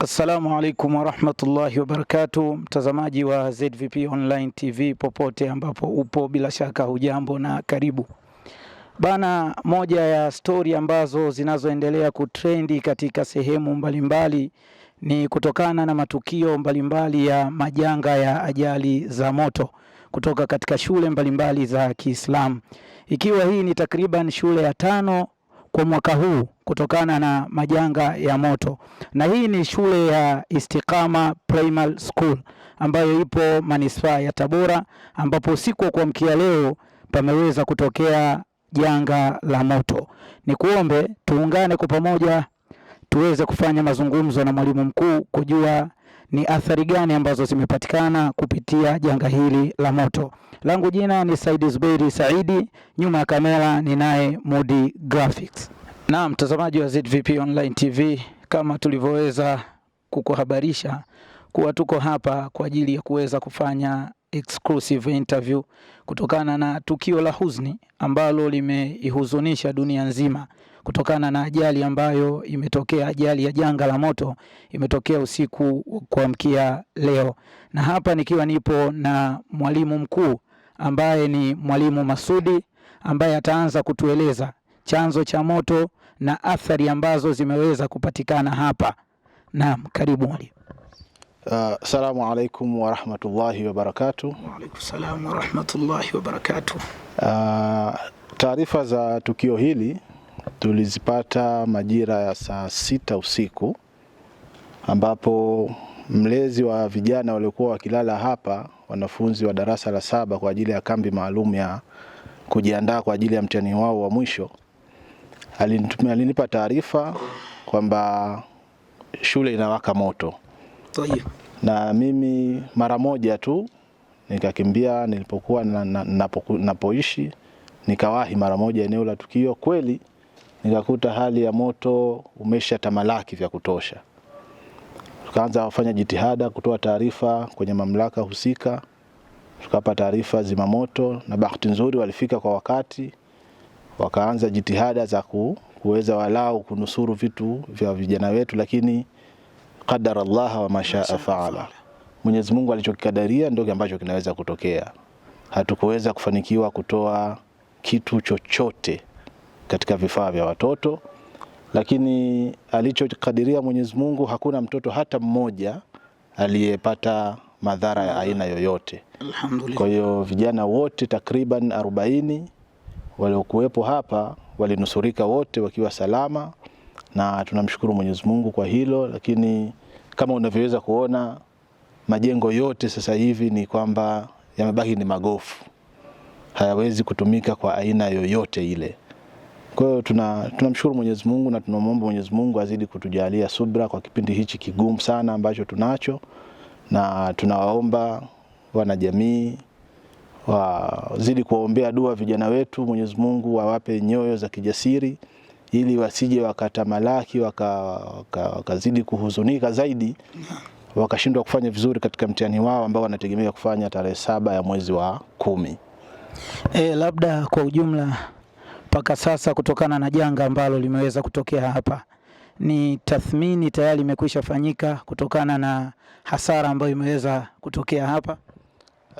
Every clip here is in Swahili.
Assalamu alaikum warahmatullahi barakatu mtazamaji wa ZVP Online TV popote ambapo upo, bila shaka hujambo na karibu bana. Moja ya stori ambazo zinazoendelea kutrendi katika sehemu mbalimbali ni kutokana na matukio mbalimbali ya majanga ya ajali za moto kutoka katika shule mbalimbali za Kiislamu, ikiwa hii ni takriban shule ya tano kwa mwaka huu kutokana na majanga ya moto, na hii ni shule ya Istiqama Primary School ambayo ipo manispaa ya Tabora, ambapo usiku wa kuamkia leo pameweza kutokea janga la moto. Ni kuombe tuungane kwa pamoja tuweze kufanya mazungumzo na mwalimu mkuu kujua ni athari gani ambazo zimepatikana kupitia janga hili la moto. Langu jina ni Saidi Zuberi Saidi, nyuma ya kamera ninaye Mudi Graphics. Na mtazamaji wa ZVP Online TV, kama tulivyoweza kukuhabarisha kuwa tuko hapa kwa ajili ya kuweza kufanya exclusive interview kutokana na tukio la huzuni ambalo limeihuzunisha dunia nzima kutokana na ajali ambayo imetokea, ajali ya janga la moto imetokea usiku kuamkia leo, na hapa nikiwa nipo na mwalimu mkuu ambaye ni mwalimu Masudi ambaye ataanza kutueleza chanzo cha moto na athari ambazo zimeweza kupatikana hapa. Naam, karibu mwalimu. Uh, salamu alaikum warahmatullahi wabarakatuh. Wa salamu warahmatullahi wabarakatuh. Uh, taarifa za tukio hili tulizipata majira ya saa sita usiku ambapo mlezi wa vijana waliokuwa wakilala hapa, wanafunzi wa darasa la saba kwa ajili ya kambi maalum ya kujiandaa kwa ajili ya mtihani wao wa mwisho, alinipa taarifa kwamba shule inawaka moto Na mimi mara moja tu nikakimbia nilipokuwa na, na, napoku, napoishi nikawahi mara moja eneo la tukio kweli nikakuta hali ya moto umesha tamalaki vya kutosha. Tukaanza kufanya jitihada kutoa taarifa kwenye mamlaka husika, tukapa taarifa zimamoto, na bahati nzuri walifika kwa wakati, wakaanza jitihada za kuweza walau kunusuru vitu vya vijana wetu, lakini qadara Allah wa mashaa faala, Mwenyezi Mungu alichokikadaria ndio ambacho kinaweza kutokea. Hatukuweza kufanikiwa kutoa kitu chochote katika vifaa vya watoto, lakini alichokadiria Mwenyezi Mungu hakuna mtoto hata mmoja aliyepata madhara ya aina yoyote. Alhamdulillah. Kwa hiyo vijana wote takriban arobaini waliokuwepo hapa walinusurika wote wakiwa salama, na tunamshukuru Mwenyezi Mungu kwa hilo. Lakini kama unavyoweza kuona majengo yote sasa hivi ni kwamba yamebaki ni magofu, hayawezi kutumika kwa aina yoyote ile. Kwa hiyo tuna tunamshukuru Mwenyezi Mungu na tunamwomba Mwenyezi Mungu azidi kutujalia subra kwa kipindi hichi kigumu sana ambacho tunacho, na tunawaomba wanajamii wazidi kuwaombea dua vijana wetu, Mwenyezi Mungu awape nyoyo za kijasiri ili wasije wakatamalaki wakazidi waka, kuhuzunika zaidi wakashindwa kufanya vizuri katika mtihani wao ambao wanategemea kufanya tarehe saba ya mwezi wa kumi. E, labda kwa ujumla mpaka sasa kutokana na janga ambalo limeweza kutokea hapa. Ni tathmini tayari imekwisha fanyika kutokana na hasara ambayo imeweza kutokea hapa.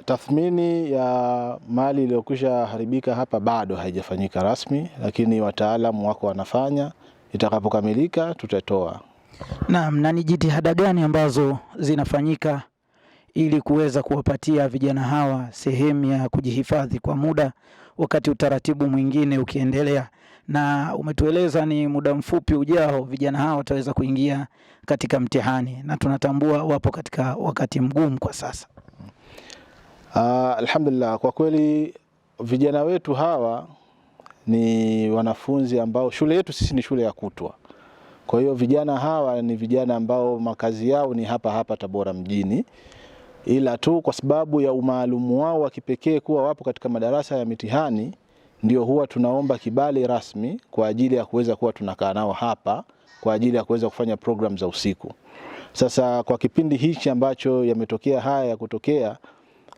Tathmini ya mali iliyokwisha haribika hapa bado haijafanyika rasmi, lakini wataalamu wako wanafanya. Itakapokamilika tutatoa. Naam. Na ni jitihada gani ambazo zinafanyika ili kuweza kuwapatia vijana hawa sehemu ya kujihifadhi kwa muda wakati utaratibu mwingine ukiendelea, na umetueleza ni muda mfupi ujao vijana hao wataweza kuingia katika mtihani, na tunatambua wapo katika wakati mgumu kwa sasa. Uh, alhamdulillah, kwa kweli vijana wetu hawa ni wanafunzi ambao shule yetu sisi ni shule ya kutwa. Kwa hiyo vijana hawa ni vijana ambao makazi yao ni hapa hapa Tabora mjini ila tu kwa sababu ya umaalumu wao wa kipekee kuwa wapo katika madarasa ya mitihani, ndio huwa tunaomba kibali rasmi kwa ajili ya kuweza kuwa tunakaa nao hapa kwa ajili ya kuweza kufanya program za usiku. Sasa kwa kipindi hichi ambacho yametokea haya ya kutokea,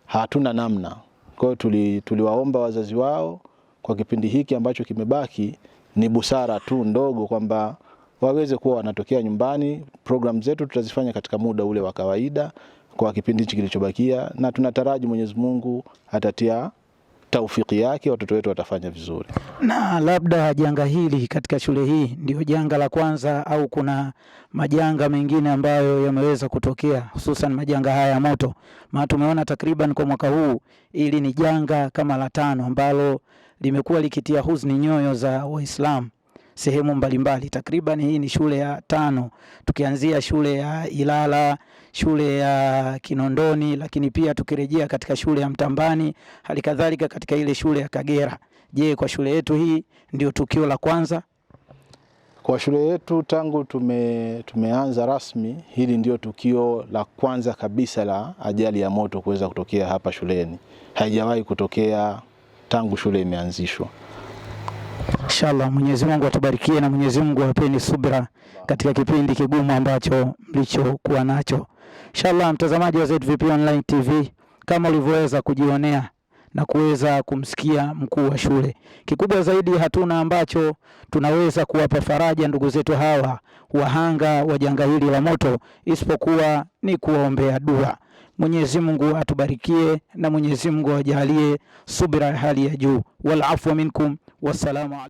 hatuna namna. Kwa hiyo tuli, tuliwaomba wazazi wao kwa kipindi hiki ambacho kimebaki, ni busara tu ndogo kwamba waweze kuwa wanatokea nyumbani. Program zetu tutazifanya katika muda ule wa kawaida kwa kipindi hichi kilichobakia, na tunataraji Mwenyezi Mungu atatia taufiki yake, watoto wetu watafanya vizuri. Na labda janga hili katika shule hii ndio janga la kwanza au kuna majanga mengine ambayo yameweza kutokea, hususan majanga haya ya moto? Maana tumeona takriban kwa mwaka huu ili ni janga kama la tano ambalo limekuwa likitia huzuni nyoyo za Waislamu sehemu mbalimbali. Takriban hii ni shule ya tano, tukianzia shule ya Ilala shule ya Kinondoni, lakini pia tukirejea katika shule ya Mtambani, hali kadhalika katika ile shule ya Kagera. Je, kwa shule yetu hii ndio tukio la kwanza kwa shule yetu tangu tume, tumeanza rasmi, hili ndio tukio la kwanza kabisa la ajali ya moto kuweza kutokea hapa shuleni. Haijawahi kutokea tangu shule imeanzishwa. Inshallah, Mwenyezi Mungu atubarikie na Mwenyezi Mungu apeni subra katika kipindi kigumu ambacho mlichokuwa nacho. Inshallah mtazamaji wa ZVP Online TV, kama ulivyoweza kujionea na kuweza kumsikia mkuu wa shule, kikubwa zaidi hatuna ambacho tunaweza kuwapa faraja ndugu zetu hawa wahanga wa janga hili la moto, isipokuwa ni kuwaombea dua. Mwenyezi Mungu atubarikie na Mwenyezi Mungu ajalie subira ya hali ya juu. Wal afwa minkum, wassalamu